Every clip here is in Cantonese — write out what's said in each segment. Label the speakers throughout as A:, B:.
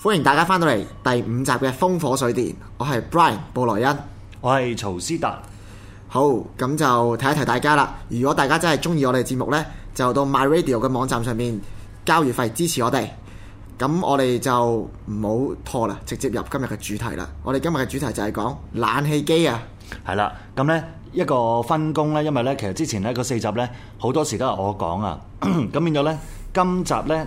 A: 歡迎大家翻到嚟第五集嘅《風火水電》，我係 Brian 布萊恩，我係曹撕達。好，咁就提一提大家啦。如果大家真係中意我哋節目呢，就到 MyRadio 嘅網站上面交月費支持我哋。咁我哋就唔好拖啦，直接入今日嘅主題啦。我哋今日嘅主題就係講冷氣機啊。係啦，咁呢一個分工呢，因為呢其實之前呢嗰
B: 四集呢，好多時都係我講啊，咁 變咗呢，今集呢。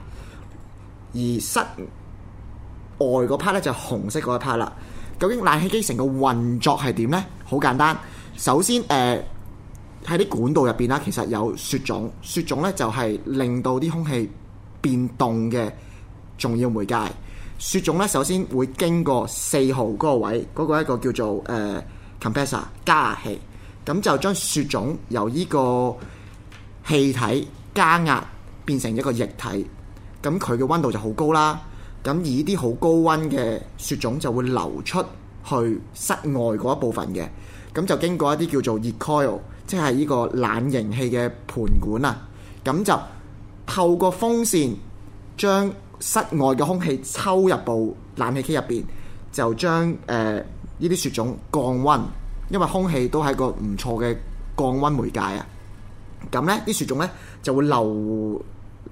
A: 而室外嗰 part 咧就紅色一 part 啦。究竟冷氣機成個運作係點咧？好簡單，首先誒喺啲管道入邊啦，其實有雪種，雪種咧就係令到啲空氣變凍嘅重要媒介。雪種咧首先會經過四號嗰個位，嗰個一個叫做誒 compressor 加壓器，咁就將雪種由呢個氣體加壓變成一個液體。咁佢嘅溫度就好高啦，咁而呢啲好高溫嘅雪種就會流出去室外嗰一部分嘅，咁就經過一啲叫做熱 coil，即係呢個冷凝器嘅盤管啊，咁就透過風扇將室外嘅空氣抽入部冷氣機入邊，就將誒呢啲雪種降溫，因為空氣都係一個唔錯嘅降溫媒介啊，咁呢啲雪種呢就會流。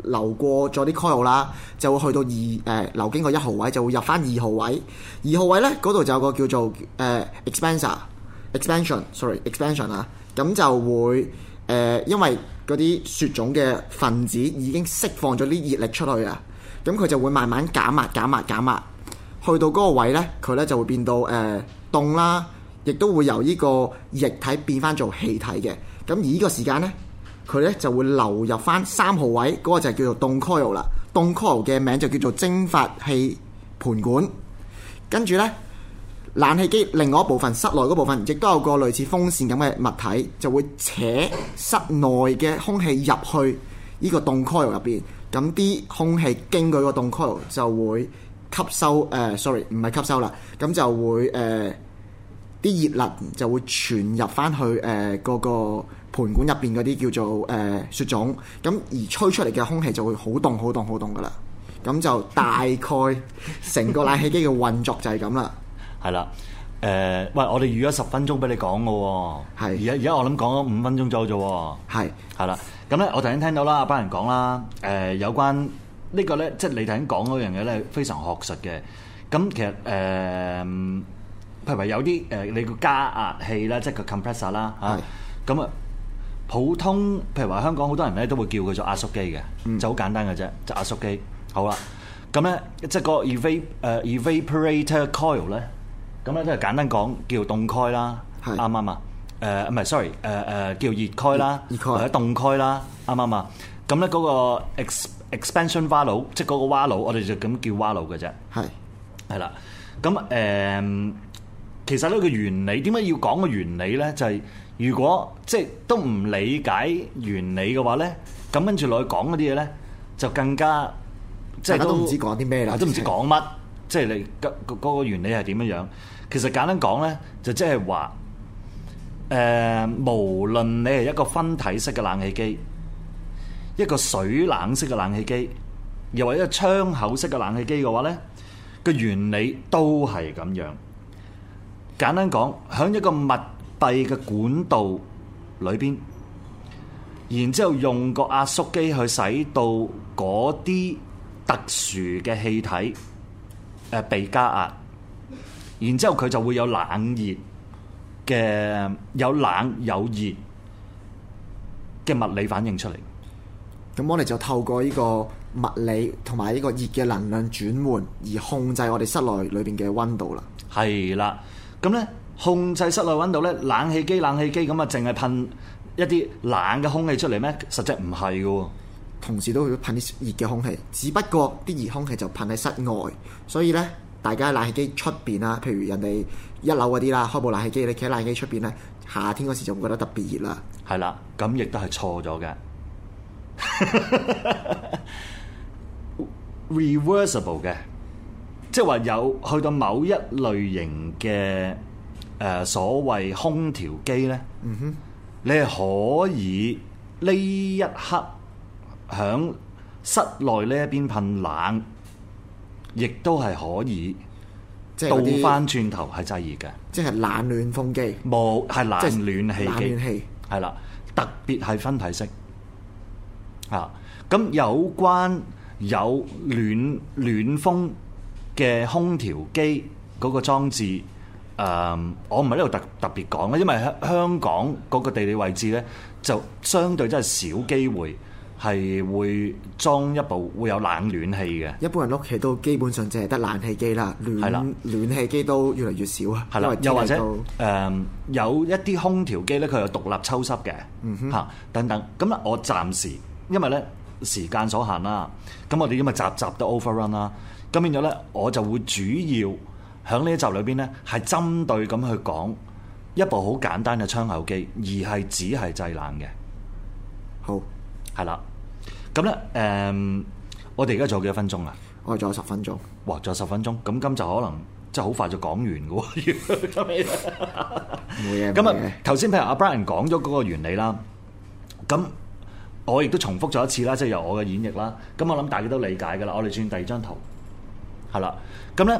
A: 流過咗啲 coil 啦，就會去到二誒、呃、流經過一號位，就會入翻二號位。二號位呢嗰度就有個叫做誒、呃、expansion，expansion，sorry，expansion 啊。咁就會誒、呃，因為嗰啲雪種嘅分子已經釋放咗啲熱力出去啊。咁佢就會慢慢減壓、減壓、減壓，去到嗰個位呢，佢呢就會變到誒、呃、凍啦，亦都會由呢個液體變翻做氣體嘅。咁而呢個時間呢？佢咧就會流入翻三號位嗰、嗰個就叫做凍 coil 啦，凍 coil 嘅名就叫做蒸發器盤管。跟住呢，冷氣機另外一部分室內嗰部分，亦都有個類似風扇咁嘅物體，就會扯室內嘅空氣入去呢個凍 coil 入邊。咁啲空氣經過個凍 coil 就會吸收誒、呃、sorry，唔係吸收啦，咁就會誒啲、呃、熱能就會傳入翻去誒嗰、呃嗰個。盤管入邊嗰啲叫做誒雪種，咁而吹出嚟嘅空氣就會好凍、好凍、好凍噶啦。咁就大概成個冷氣機嘅運作就係咁啦。係啦，誒、呃，喂，我哋預咗十
B: 分鐘俾你講嘅喎。係。而家而家我諗講咗五分鐘左右啫。係。係啦。咁咧，我頭先聽到啦，阿班人講啦，誒，有關呢、這個咧，即、就、係、是、你頭先講嗰樣嘢咧，非常學術嘅。咁其實誒、呃，譬如話有啲誒，你個加壓器啦，即係個 compressor 啦，嚇。係。咁啊～普通譬如話香港好多人咧都會叫佢做壓縮機嘅、嗯，就好簡單嘅啫，就壓縮機。好啦，咁咧即係個 evaporator coil 咧，咁咧即係簡單講叫凍開啦，啱啱啱？誒唔係，sorry，叫熱開、呃、啦，或者凍開啦，啱啱啱？咁咧嗰個 expansion valve 即係嗰個 valve，我哋就咁叫 valve 嘅啫。係係啦，咁、uh, 其實呢個原理點解要講個原理咧？就係、是如果即係都唔理解原理嘅話咧，咁跟住落去講嗰啲嘢咧，就更加
A: 即係都唔知講
B: 啲咩啦，都唔知講乜，即係你嗰嗰個原理係點樣樣。其實簡單講咧，就即係話，誒，無論你係一個分體式嘅冷氣機，一個水冷式嘅冷氣機，又或者係窗口式嘅冷氣機嘅話咧，個原理都係咁樣。簡單講，喺一個密閉嘅管道裏邊，然之後用個壓縮機去使到嗰啲特殊嘅氣體誒被加壓，然之後佢就會有冷熱
A: 嘅有冷有熱嘅物理反應出嚟。咁我哋就透過呢個物理同埋呢個熱嘅能量轉換而控制我哋室內裏邊嘅温度啦。
B: 係啦，
A: 咁呢。控制室
B: 內温度咧，冷氣機冷氣機咁啊，淨係噴一啲冷嘅空氣出嚟咩？實際唔
A: 係嘅，同時都會噴啲熱嘅空氣。只不過啲熱空氣就噴喺室外，所以咧，大家冷氣機出邊啊，譬如人哋一樓嗰啲啦，開部冷氣機，你企喺冷氣機出邊咧，夏天嗰時就會覺得特別熱啦。係啦，咁亦都係錯咗嘅。
B: reversible 嘅，即係話有去到某一類型嘅。誒、呃，所謂空調機咧、嗯，你係可以呢一刻喺室內呢一邊噴冷，亦都係可以倒翻轉頭係製熱嘅，即係冷暖風機，冇、嗯、係冷暖氣機嘅，係啦，特別係分體式嚇。咁、啊、有關有暖暖風嘅空調機嗰個裝置。誒、um，我唔係呢度特特別講啦，因為香香港嗰個地理位置咧，就相對真係少機會係會裝一部會有冷暖氣嘅。
A: 一般人屋企都基本上淨係得冷氣機啦，暖暖氣機都越嚟越少
B: 啊。係啦，又或者誒、呃，有一啲空調機咧，佢有獨立抽濕嘅，嚇、嗯、等等。咁咧，我暫時因為咧時間所限啦，咁我哋因為集集都 overrun 啦，咁變咗咧，我就會主要。喺呢一集裏邊咧，係針對咁去講一部好簡單嘅窗口機，而係只係製冷嘅。好，係啦。咁咧，誒，我哋而家仲有幾多分鐘啊？我哋仲有，有十分鐘。哇，仲有十分鐘，咁今集可能即係好快就講完噶喎。咁啊， 頭先譬如阿 Brian 講咗嗰個原理啦，咁我亦都重複咗一次啦，即係由我嘅演繹啦。咁我諗大家都理解噶啦。我哋轉第二張圖，係啦。咁咧。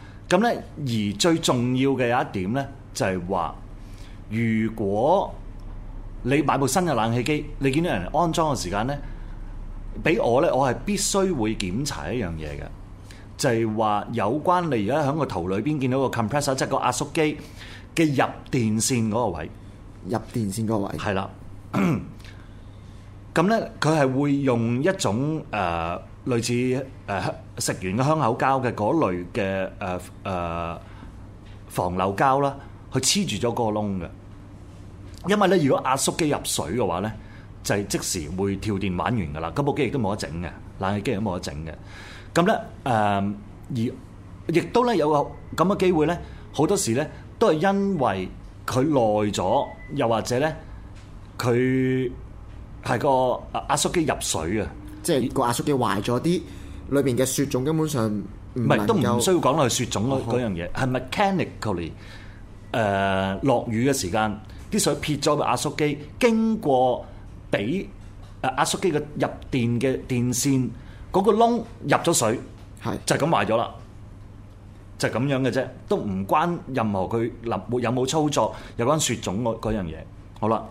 B: 咁咧，而最重要嘅有一點咧，就係話，如果你買部新嘅冷氣機，你見到人安裝嘅時間咧，俾我咧，我係必須會檢查一樣嘢嘅，就係話有關你而家喺個圖裏邊見到個 compressor，即係個壓縮機嘅入電線嗰個位，入電線嗰個位。係啦，咁咧佢係會用一種誒。類似誒食完嘅香口膠嘅嗰類嘅誒誒防漏膠啦，去黐住咗個窿嘅。因為咧，如果壓縮機入水嘅話咧，就係即時會跳電玩完噶啦。咁部機亦都冇得整嘅，冷氣機都冇得整嘅。咁咧誒，而亦都咧有個咁嘅機會咧，好多時咧都係因為佢耐咗，又或者咧佢係個壓縮機入水啊。
A: 即係個壓縮機壞咗啲，裏邊嘅雪種根本上唔係都唔需要
B: 講落去雪種嗰嗰樣嘢，係 mechanically 誒落雨嘅時間，啲水撇咗個壓縮機，經過俾誒壓縮機嘅入電嘅電線嗰個窿入咗水，係就咁壞咗啦，就咁樣嘅啫，都唔關任何佢冧有冇操作，有關雪種嗰嗰樣嘢，好啦，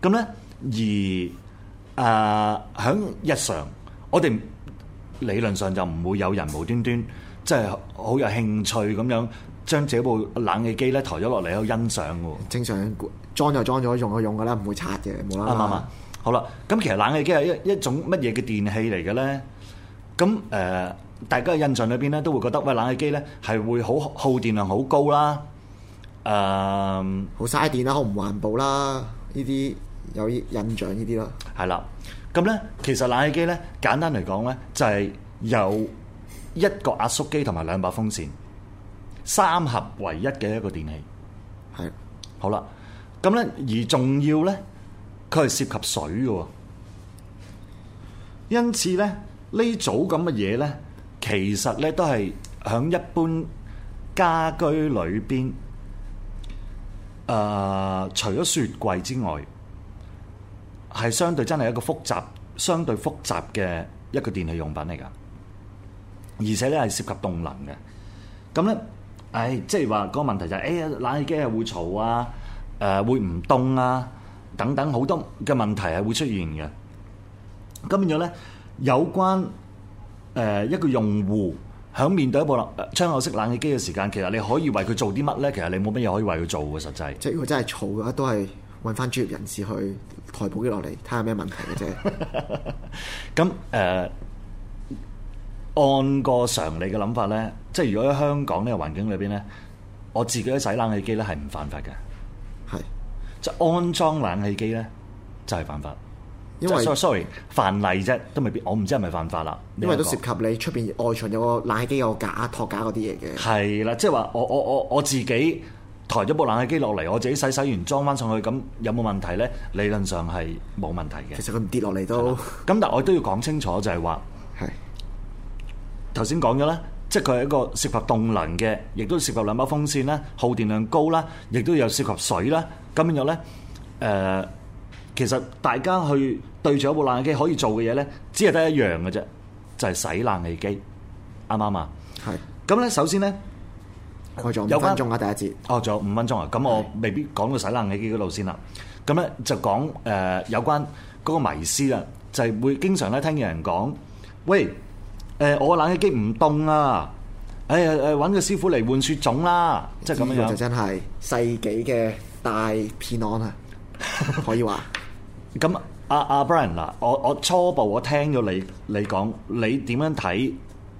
B: 咁咧而。誒，喺日常，我哋理論上就唔會有人無端端即係好有興趣咁樣將這部冷氣機咧抬咗落嚟去欣賞喎，啊。正常裝就裝咗，用就用㗎啦，唔會拆嘅，無啦啦。啱唔啱？好啦，咁其實冷氣機係一一種乜嘢嘅電器嚟嘅咧？咁誒，大家嘅印象裏邊咧都會覺得，喂，冷氣機咧係會好耗電量好高啦，誒、uh，好嘥電啦，好唔環保啦，呢啲。有印象呢啲囉，係啦，咁咧，其實冷氣機咧，簡單嚟講咧，就係有一個壓縮機同埋兩把風扇，三合為一嘅一個電器。係，好啦，咁咧，而重要咧，佢係涉及水嘅，因此咧，呢組咁嘅嘢咧，其實咧都係響一般家居裏邊，誒，除咗雪櫃之外。係相對真係一個複雜、相對複雜嘅一個電器用品嚟噶，而且咧係涉及動能嘅。咁咧，唉、哎，即係話個問題就係、是，唉、欸，冷氣機係會嘈啊，誒、呃，會唔凍啊，等等好多嘅問題係會出現嘅。咁變咗咧，有關誒、呃、一個用戶響面對一部窗口式冷氣機嘅時間，其實你可以為佢做啲乜咧？其實你冇乜嘢可以為佢做嘅。實際，即係如果真係嘈嘅話
A: 都係。揾翻專業人士去抬部機落嚟，睇下咩問題嘅啫。 咁、呃、誒，按個常理嘅諗法咧，即係如
B: 果喺香港呢個環境裏邊咧，我自己的洗冷氣機咧係唔犯法嘅，係即係安裝冷氣機咧就係、是、犯法。
A: 因為 sorry
B: sorry 犯例啫，都未必，我唔知係咪犯法啦。因為都涉及你出邊外牆有個冷氣機有個架托架嗰啲嘢嘅。係啦，即係話我我我我自己。抬咗部冷氣機落嚟，我自己洗洗完裝翻上去，咁有冇問題咧？理論上係冇問題嘅。其實佢唔跌落嚟都。咁但係我都要講清楚，就係話，係頭先講咗啦，即係佢係一個涉及動能嘅，亦都涉及兩把風扇啦，耗電量高啦，亦都有涉及水啦。咁樣樣咧，誒，其實大家去對住一部冷氣機可以做嘅嘢咧，只係得一樣嘅啫，就係洗冷氣機，啱唔啱啊？係。咁咧，首先咧。有五分鐘啊！第一節哦，仲有五分鐘啊！咁我未必講到洗冷氣機嗰度先啦。咁咧就講誒、呃、有關嗰個迷思啦，就係、是、會經常咧聽有人講：喂誒、呃，我冷氣機唔凍啊！哎呀誒，揾、呃、個師傅嚟換雪種啦！即係咁樣、嗯、就真係世紀嘅大
A: 騙案 啊！
B: 可以話。咁阿阿 Brian 嗱，我我初步我
A: 聽咗你你講，你點樣睇誒、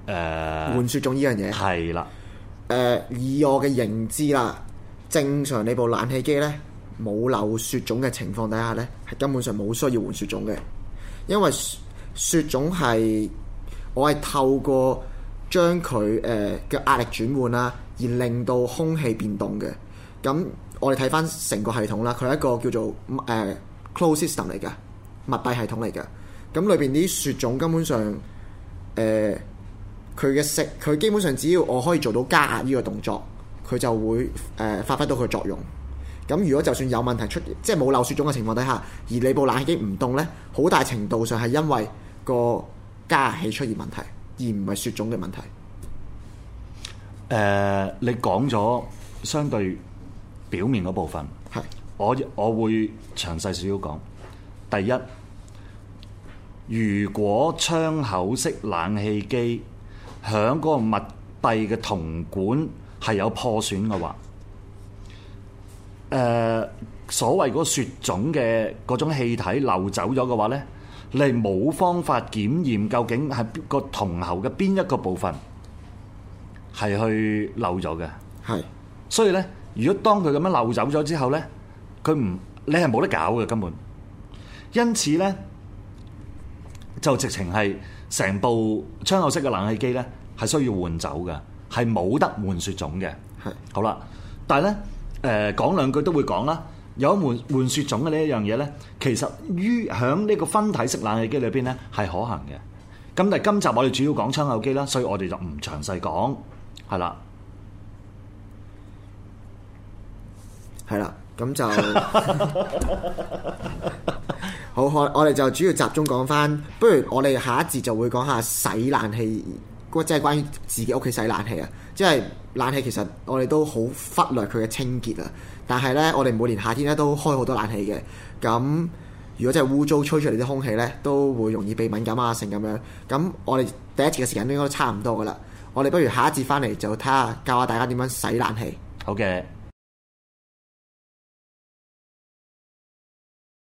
A: 呃、換雪種呢樣嘢？係啦。誒、呃、以我嘅認知啦，正常你部冷氣機呢，冇漏雪種嘅情況底下呢，係根本上冇需要換雪種嘅，因為雪、雪種係我係透過將佢嘅、呃、壓力轉換啦，而令到空氣變凍嘅。咁我哋睇翻成個系統啦，佢係一個叫做誒、呃、close system 嚟嘅密閉系統嚟嘅。咁裏邊啲雪種根本上誒、呃佢嘅食，佢基本上只要我可以做到加壓呢個動作，佢就會誒、呃、發揮到佢作用。咁如果就算有問題出現，即係冇漏雪種嘅情況底下，而你部冷氣機唔凍呢，好大程度上係因為個加壓器出現問題，而唔係雪種嘅問題。
B: 誒、呃，你講咗相對表面嗰部分，係我我會詳細少少講。第一，如果窗口式冷氣機響嗰個密閉嘅銅管係有破損嘅話，誒、呃、所謂嗰雪種嘅嗰種氣體漏走咗嘅話咧，你係冇方法檢驗究竟係個銅喉嘅邊一個部分係去漏咗嘅。係，所以咧，如果當佢咁樣漏走咗之後咧，佢唔你係冇得搞嘅根本。因此咧，就直情係。成部窗口式嘅冷氣機呢，係需要換走嘅，係冇得換雪種嘅。係。好啦，但係呢，誒，講兩句都會講啦。有一換換雪種嘅呢一樣嘢呢，其實於響呢個分體式冷氣機裏邊呢，係可行嘅。咁但係今集我哋主要講窗口機啦，所以我哋就唔詳細講，係啦，
A: 係啦，咁就。好，我我哋就主要集中講翻，不如我哋下一節就會講下洗冷氣，即係關於自己屋企洗冷氣啊。即係冷氣其實我哋都好忽略佢嘅清潔啊。但係呢，我哋每年夏天咧都開好多冷氣嘅。咁如果真係污糟，吹出嚟啲空氣呢，都會容易鼻敏感啊，成咁樣。咁我哋第一節嘅時間應該都差唔多噶啦。我哋不如下一節翻嚟就睇下教下大家點樣洗冷氣。好嘅。